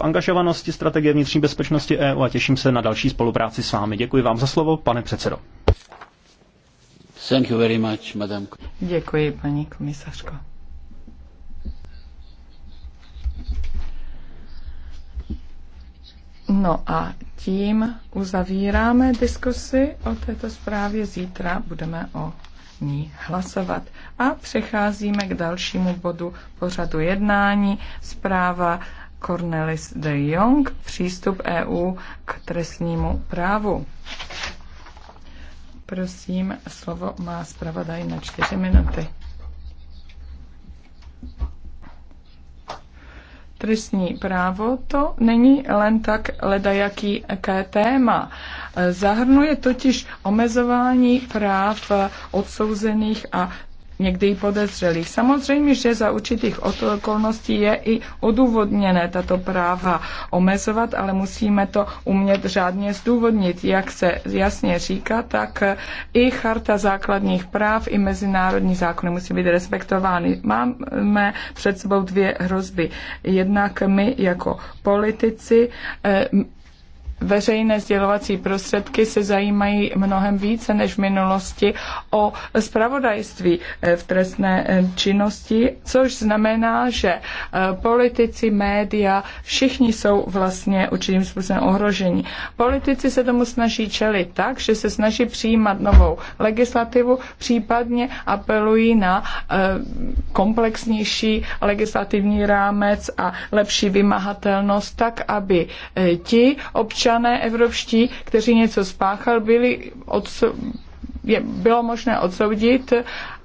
angažovanosti strategie vnitřní bezpečnosti EU a těším se na další spolupráci s vámi. Děkuji vám za slovo, pane předsedo. Thank you very much, madam. Děkuji, paní komisařko. No a tím uzavíráme diskusi o této zprávě. Zítra budeme o ní hlasovat. A přecházíme k dalšímu bodu pořadu jednání. Zpráva Cornelis de Jong přístup EU k trestnímu právu. Prosím, slovo má zpravodaj na čtyři minuty. Trestní právo to není len tak ledajaký téma. Zahrnuje totiž omezování práv odsouzených a někdy i podezřelých. Samozřejmě, že za určitých okolností je i odůvodněné tato práva omezovat, ale musíme to umět řádně zdůvodnit. Jak se jasně říká, tak i charta základních práv, i mezinárodní zákony musí být respektovány. Máme před sebou dvě hrozby. Jednak my jako politici eh, veřejné sdělovací prostředky se zajímají mnohem více než v minulosti o spravodajství eh, v trestné eh, činnosti, což znamená, že eh, politici, média, všichni jsou vlastně určitým způsobem ohroženi. Politici se tomu snaží čelit tak, že se snaží přijímat novou legislativu, případně apelují na komplexnější legislativní rámec a lepší vymahatelnost, tak aby ti občané občané evropští, kteří něco spáchal, byli odso- je, bylo možné odsoudit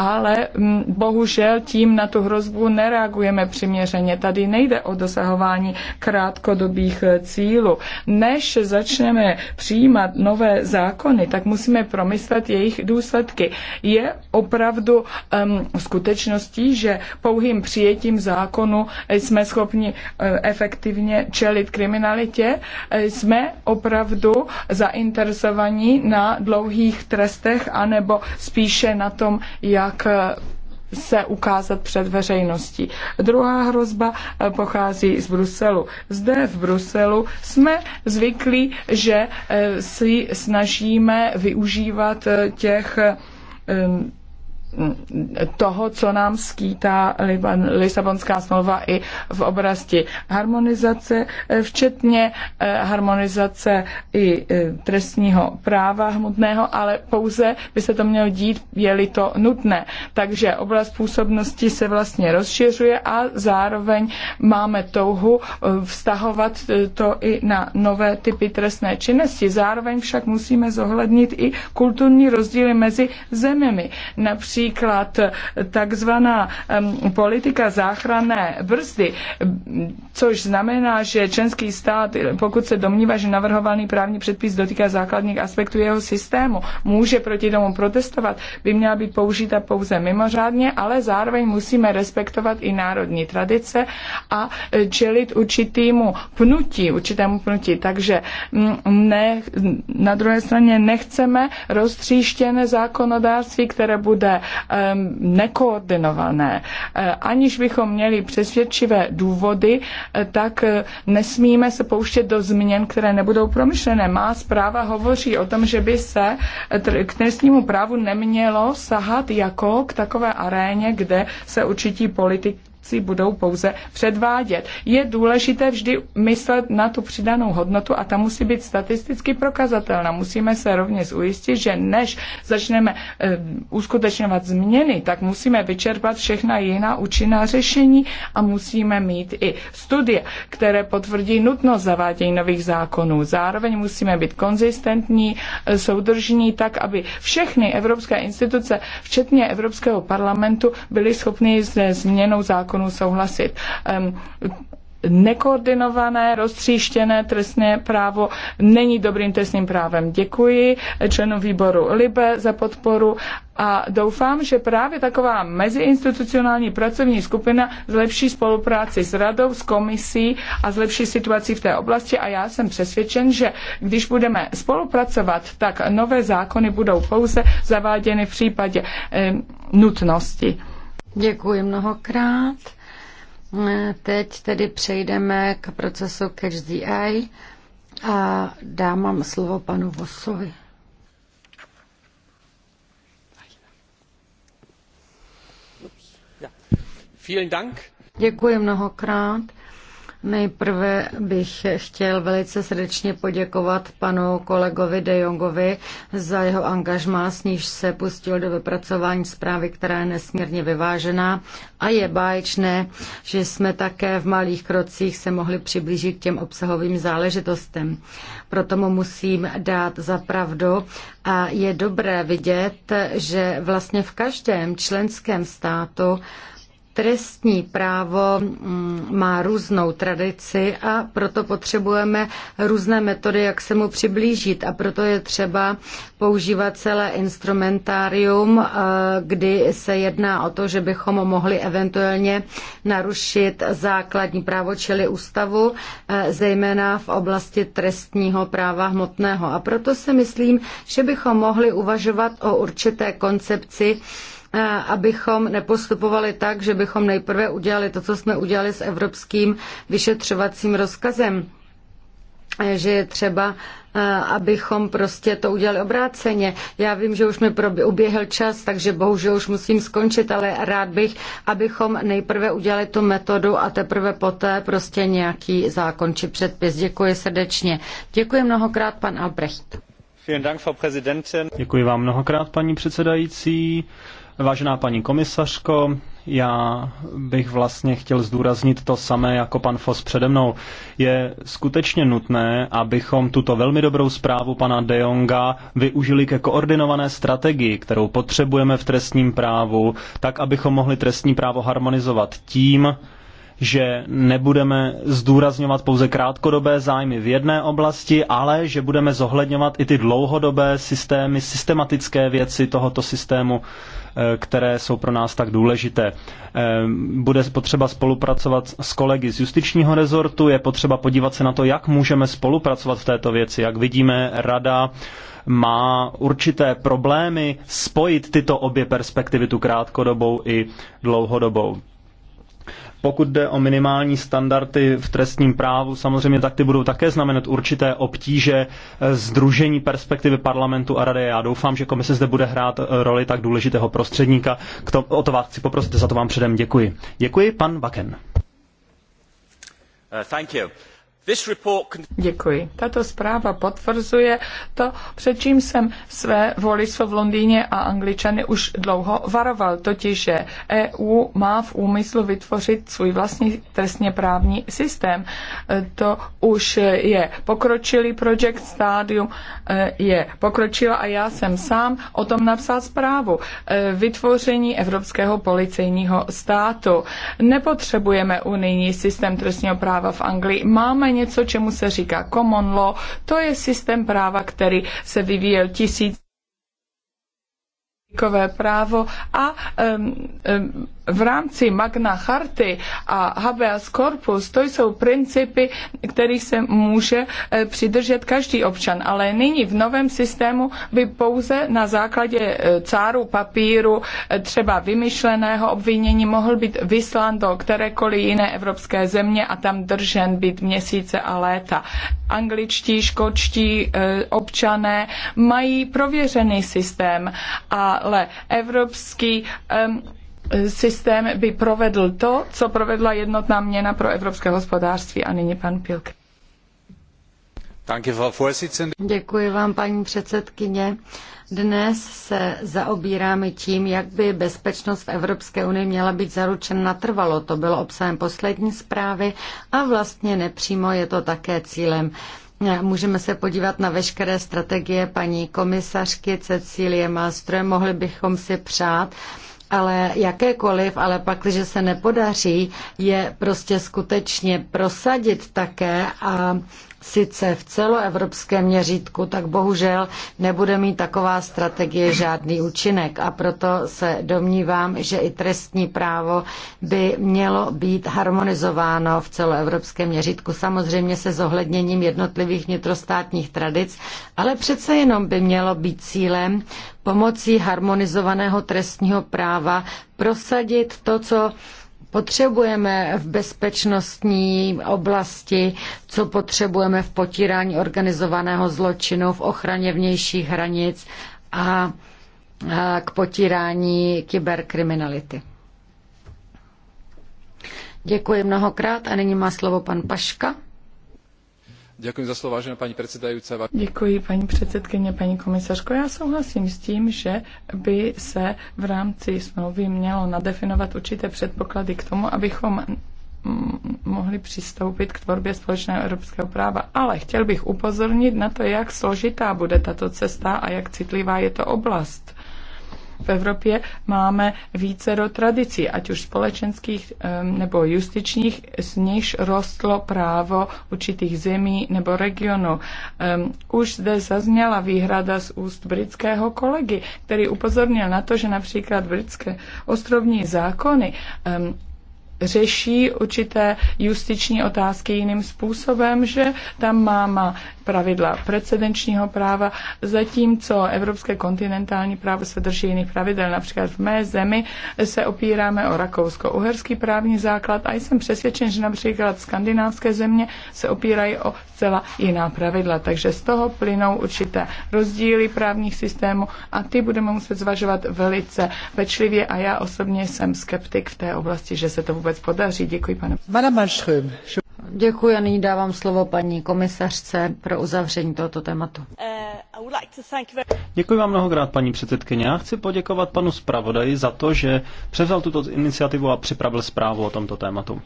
ale mm, bohužel tím na tu hrozbu nereagujeme přiměřeně. Tady nejde o dosahování krátkodobých eh, cílů. Než začneme přijímat nové zákony, tak musíme promyslet jejich důsledky. Je opravdu um, skutečností, že pouhým přijetím zákonu jsme schopni um, efektivně čelit kriminalitě, eh, jsme opravdu zainteresovaní na dlouhých trestech anebo spíše na tom, jak pak eh, se ukázat před veřejností. Druhá hrozba eh, pochází z Bruselu. Zde v Bruselu jsme zvyklí, že eh, si snažíme využívat těch toho, co nám skýtá Lisabonská smlouva i v oblasti harmonizace, eh, včetně eh, harmonizace i eh, trestního práva hmotného, ale pouze by se to mělo dít, je-li to nutné. Takže oblast působnosti se vlastně rozšiřuje a zároveň máme touhu vztahovat to i na nové typy trestné činnosti. Zároveň však musíme zohlednit i kulturní rozdíly mezi zeměmi. Například Například takzvaná politika záchranné brzdy, což znamená, že členský stát, pokud se domnívá, že navrhovaný právní předpis dotýká základních aspektů jeho systému, může proti tomu protestovat, by měla být použita pouze mimořádně, ale zároveň musíme respektovat i národní tradice a čelit určitýmu pnutí, určitému pnutí. Takže mm, ne, na druhé straně nechceme roztříštěné zákonodárství, které bude Um, nekoordinované. Eh, aniž bychom měli přesvědčivé důvody, eh, tak eh, nesmíme se pouštět do změn, které nebudou promyšlené. Má zpráva hovoří o tom, že by se k trestnímu právu nemělo sahat jako k takové aréně, kde se určití politik si budou pouze předvádět. Je důležité vždy myslet na tu přidanou hodnotu a ta musí být statisticky prokazatelná. Musíme se rovněž ujistit, že než začneme e, uskutečňovat změny, tak musíme vyčerpat všechna jiná účinná řešení a musíme mít i studie, které potvrdí nutnost zavádění nových zákonů. Zároveň musíme být konzistentní, e, soudržní, tak, aby všechny evropské instituce, včetně Evropského parlamentu, byly schopny se změnou zákonů zákonů souhlasit. Nekoordinované, roztříštěné trestné právo není dobrým trestním právem. Děkuji členům výboru Libe za podporu a doufám, že právě taková meziinstitucionální pracovní skupina zlepší spolupráci s radou, s komisí a zlepší situaci v té oblasti a já jsem přesvědčen, že když budeme spolupracovat, tak nové zákony budou pouze zaváděny v případě eh, nutnosti. Děkuji mnohokrát. Teď tedy přejdeme k procesu Catch the Eye a dám slovo panu Vosovi. Děkuji mnohokrát. Nejprve bych chtěl velice srdečně poděkovat panu kolegovi De Jongovi za jeho angažmá, s níž se pustil do vypracování zprávy, která je nesmírně vyvážená a je báječné, že jsme také v malých krocích se mohli přiblížit k těm obsahovým záležitostem. Proto mu musím dát za pravdu a je dobré vidět, že vlastně v každém členském státu Trestní právo mm, má různou tradici a proto potřebujeme různé metody, jak se mu přiblížit. A proto je třeba používat celé instrumentárium, eh, kdy se jedná o to, že bychom mohli eventuálně narušit základní právo, čili ústavu, eh, zejména v oblasti trestního práva hmotného. A proto si myslím, že bychom mohli uvažovat o určité koncepci, abychom nepostupovali tak, že bychom nejprve udělali to, co jsme udělali s evropským vyšetřovacím rozkazem e, že je třeba, e, abychom prostě to udělali obráceně. Já vím, že už mi uběhl čas, takže bohužel už musím skončit, ale rád bych, abychom nejprve udělali tu metodu a teprve poté prostě nějaký zákon či předpis. Děkuji srdečně. Děkuji mnohokrát, pan Albrecht. Děkuji vám mnohokrát, paní předsedající. Vážená paní komisařko, já bych vlastně chtěl zdůraznit to samé jako pan Fos přede mnou. Je skutečně nutné, abychom tuto velmi dobrou zprávu pana De Jonga využili ke koordinované strategii, kterou potřebujeme v trestním právu, tak abychom mohli trestní právo harmonizovat tím, že nebudeme zdůrazňovat pouze krátkodobé zájmy v jedné oblasti, ale že budeme zohledňovat i ty dlouhodobé systémy, systematické věci tohoto systému, eh, které jsou pro nás tak důležité. Eh, bude potřeba spolupracovat s kolegy z justičního rezortu, je potřeba podívat se na to, jak můžeme spolupracovat v této věci. Jak vidíme, rada má určité problémy spojit tyto obě perspektivy, tu krátkodobou i dlouhodobou. Pokud jde o minimální standardy v trestním právu, samozřejmě tak ty budou také znamenat určité obtíže eh, združení perspektivy parlamentu a rady. Já doufám, že komise zde bude hrát eh, roli tak důležitého prostředníka. K to, o to vás chci poprosit, za to vám předem děkuji. Děkuji, pan Vaken. Uh, thank you. Děkuji. Tato zpráva potvrzuje to, před čím jsem své voliče v Londýně a Angličany už dlouho varoval, totiž, že EU má v úmyslu vytvořit svůj vlastní trestně právní systém. E, to už je pokročilý projekt stádium, e, je pokročila a já jsem sám o tom napsal zprávu. E, vytvoření Evropského policejního státu. Nepotřebujeme unijní systém trestního práva v Anglii. Máme něco, čemu se říká common law, to je systém práva, který se vyvíjel tisíc kové právo a um, um, v rámci Magna Charty a habeas corpus, to jsou principy, které se může e, přidržet každý občan, ale nyní v novém systému by pouze na základě e, cáru papíru e, třeba vymyšleného obvinění mohl být vyslán do kterékoliv jiné evropské země a tam držen být měsíce a léta angličtí, škotští eh, občané mají prověřený systém, ale evropský systém by provedl to, co provedla jednotná měna pro evropské hospodářství. A nyní pan Pilk. Děkuji vám, paní předsedkyně. Dnes se zaobíráme tím, jak by bezpečnost v Evropské unii měla být zaručena natrvalo. To bylo obsahem poslední zprávy a vlastně nepřímo je to také cílem. Můžeme se podívat na veškeré strategie paní komisařky Cecílie Malstroje. Mohli bychom si přát, ale jakékoliv, ale pak, když se nepodaří, je prostě skutečně prosadit také a sice v celoevropském měřítku, tak bohužel nebude mít taková strategie žádný účinek. A proto se domnívám, že i trestní právo by mělo být harmonizováno v celoevropském měřítku, samozřejmě se zohledněním jednotlivých vnitrostátních tradic, ale přece jenom by mělo být cílem pomocí harmonizovaného trestního práva prosadit to, co potřebujeme v bezpečnostní oblasti, co potřebujeme v potírání organizovaného zločinu, v ochraně vnějších hranic a k potírání kyberkriminality. Děkuji mnohokrát a nyní má slovo pan Paška. Děkuji za slovo, vážená paní předsedající. Děkuji, paní předsedkyně, paní komisařko. Já souhlasím s tím, že by se v rámci smlouvy mělo nadefinovat určité předpoklady k tomu, abychom mohli přistoupit k tvorbě společného evropského práva. Ale chtěl bych upozornit na to, jak složitá bude tato cesta a jak citlivá je to oblast Evropě máme do tradicí, ať už společenských nebo justičních, z nichž rostlo právo určitých zemí nebo regionů. Už zde zazněla výhrada z úst britského kolegy, který upozornil na to, že například britské ostrovní zákony řeší určité justiční otázky jiným způsobem, že tam máma pravidla precedenčního práva, zatímco evropské kontinentální právo se drží jiných pravidel. Například v mé zemi se opíráme o rakousko-uherský právní základ a jsem přesvědčen, že například skandinávské země se opírají o zcela jiná pravidla. Takže z toho plynou určité rozdíly právních systémů a ty budeme muset zvažovat velice pečlivě a já osobně jsem skeptik v té oblasti, že se to vůbec vůbec podaří. Děkuji, pane. Děkuji a nyní dávám slovo paní komisařce pro uzavření tohoto tématu. Děkuji vám mnohokrát, paní předsedkyně. Já chci poděkovat panu zpravodaji za to, že převzal tuto iniciativu a připravil zprávu o tomto tématu.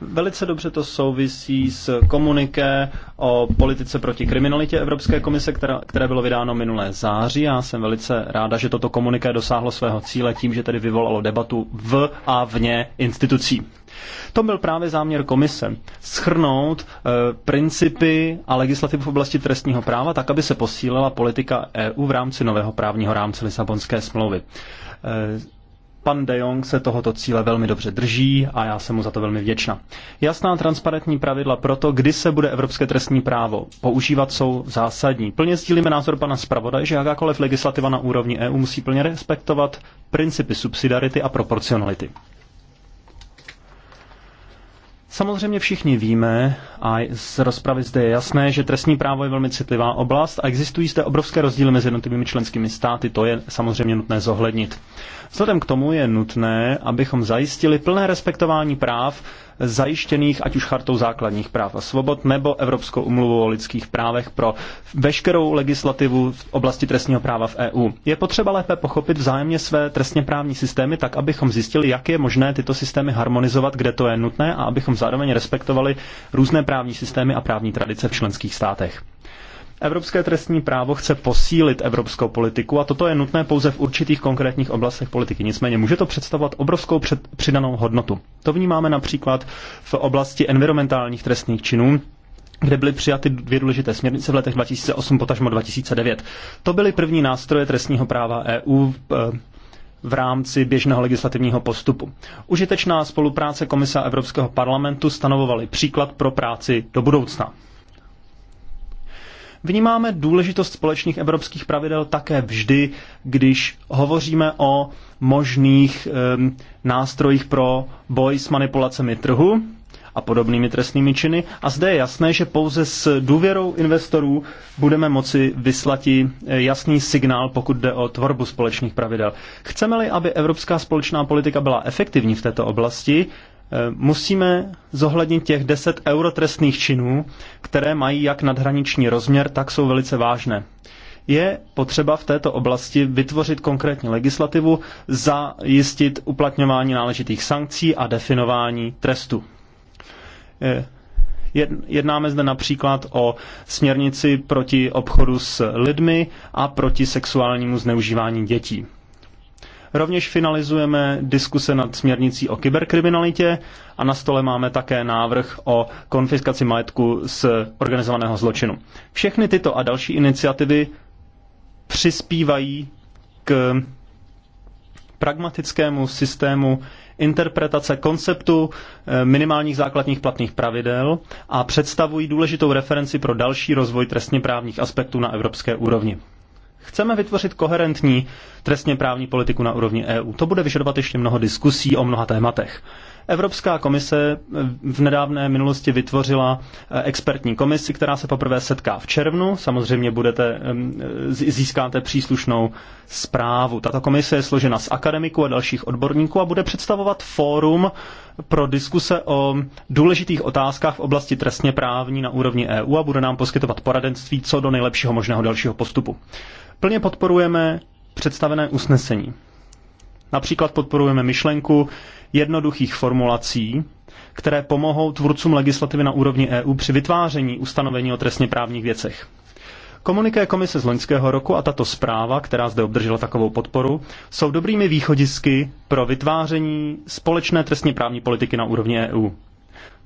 Velice dobře to souvisí s komuniké o politice proti kriminalitě Evropské komise, která, které bylo vydáno minulé září. Já jsem velice ráda, že toto komuniké dosáhlo svého cíle tím, že tedy vyvolalo debatu v a vně institucí. To byl právě záměr komise. Schrnout eh, principy a legislativu v oblasti trestního práva tak, aby se posílila politika EU v rámci nového právního rámce Lisabonské smlouvy. Eh, pan De Jong se tohoto cíle velmi dobře drží a já jsem mu za to velmi vděčná. Jasná transparentní pravidla pro to, kdy se bude evropské trestní právo používat, jsou zásadní. Plně sdílíme názor pana zpravodaje, že jakákoliv legislativa na úrovni EU musí plně respektovat principy subsidiarity a proporcionality. Samozřejmě všichni víme a z rozpravy zde je jasné, že trestní právo je velmi citlivá oblast a existují zde obrovské rozdíly mezi jednotlivými členskými státy, to je samozřejmě nutné zohlednit. Vzhledem k tomu je nutné, abychom zajistili plné respektování práv zajištěných ať už chartou základních práv a svobod nebo Evropskou umluvou o lidských právech pro veškerou legislativu v oblasti trestního práva v EU. Je potřeba lépe pochopit vzájemně své trestně právní systémy tak, abychom zjistili, jak je možné tyto systémy harmonizovat, kde to je nutné a abychom zároveň respektovali různé právní systémy a právní tradice v členských státech. Evropské trestní právo chce posílit evropskou politiku a toto je nutné pouze v určitých konkrétních oblastech politiky. Nicméně může to představovat obrovskou před, přidanou hodnotu. To vnímáme například v oblasti environmentálních trestných činů, kde byly přijaty dvě důležité směrnice v letech 2008 potažmo 2009. To byly první nástroje trestního práva EU eh, v rámci běžného legislativního postupu. Užitečná spolupráce Komise a Evropského parlamentu stanovovaly příklad pro práci do budoucna. Vnímáme důležitost společných evropských pravidel také vždy, když hovoříme o možných um, nástrojích pro boj s manipulacemi trhu a podobnými trestnými činy. A zde je jasné, že pouze s důvěrou investorů budeme moci vyslat e, jasný signál, pokud jde o tvorbu společných pravidel. Chceme-li, aby evropská společná politika byla efektivní v této oblasti, Eh, musíme zohlednit těch 10 eurotrestných činů, které mají jak nadhraniční rozměr, tak jsou velice vážné. Je potřeba v této oblasti vytvořit konkrétní legislativu, zajistit uplatňování náležitých sankcí a definování trestu. Eh, jednáme zde například o směrnici proti obchodu s lidmi a proti sexuálnímu zneužívání dětí. Rovněž finalizujeme diskuse nad směrnicí o kyberkriminalitě a na stole máme také návrh o konfiskaci majetku z organizovaného zločinu. Všechny tyto a další iniciativy přispívají k pragmatickému systému interpretace konceptu eh, minimálních základních platných pravidel a představují důležitou referenci pro další rozvoj trestně právních aspektů na evropské úrovni. Chceme vytvořit koherentní trestně právní politiku na úrovni EU. To bude vyžadovat ještě mnoho diskusí o mnoha tématech. Evropská komise eh, v nedávné minulosti vytvořila eh, expertní komisi, která se poprvé setká v červnu. Samozřejmě budete, eh, získáte příslušnou zprávu. Tato komise je složena z akademiků a dalších odborníků a bude představovat fórum pro diskuse o důležitých otázkách v oblasti trestně právní na úrovni EU a bude nám poskytovat poradenství co do nejlepšího možného dalšího postupu. Plně podporujeme představené usnesení. Například podporujeme myšlenku jednoduchých formulací, které pomohou tvůrcům legislativy na úrovni EU při vytváření ustanovení o trestně právních věcech. Komuniké komise z loňského roku a tato zpráva, která zde obdržela takovou podporu, jsou dobrými východisky pro vytváření společné trestně právní politiky na úrovni EU.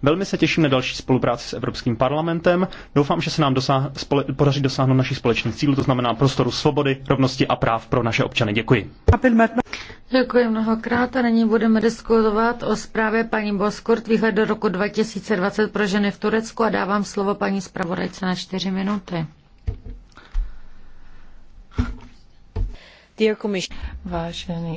Velmi se těším na další spolupráci s Evropským parlamentem. Doufám, že se nám dosáh- spole- podaří dosáhnout našich společných cílů, to znamená prostoru svobody, rovnosti a práv pro naše občany. Děkuji. Děkuji mnohokrát a nyní budeme diskutovat o zprávě paní Boskort výhled do roku 2020 pro ženy v Turecku a dávám slovo paní zpravodajce na čtyři minuty. Vážený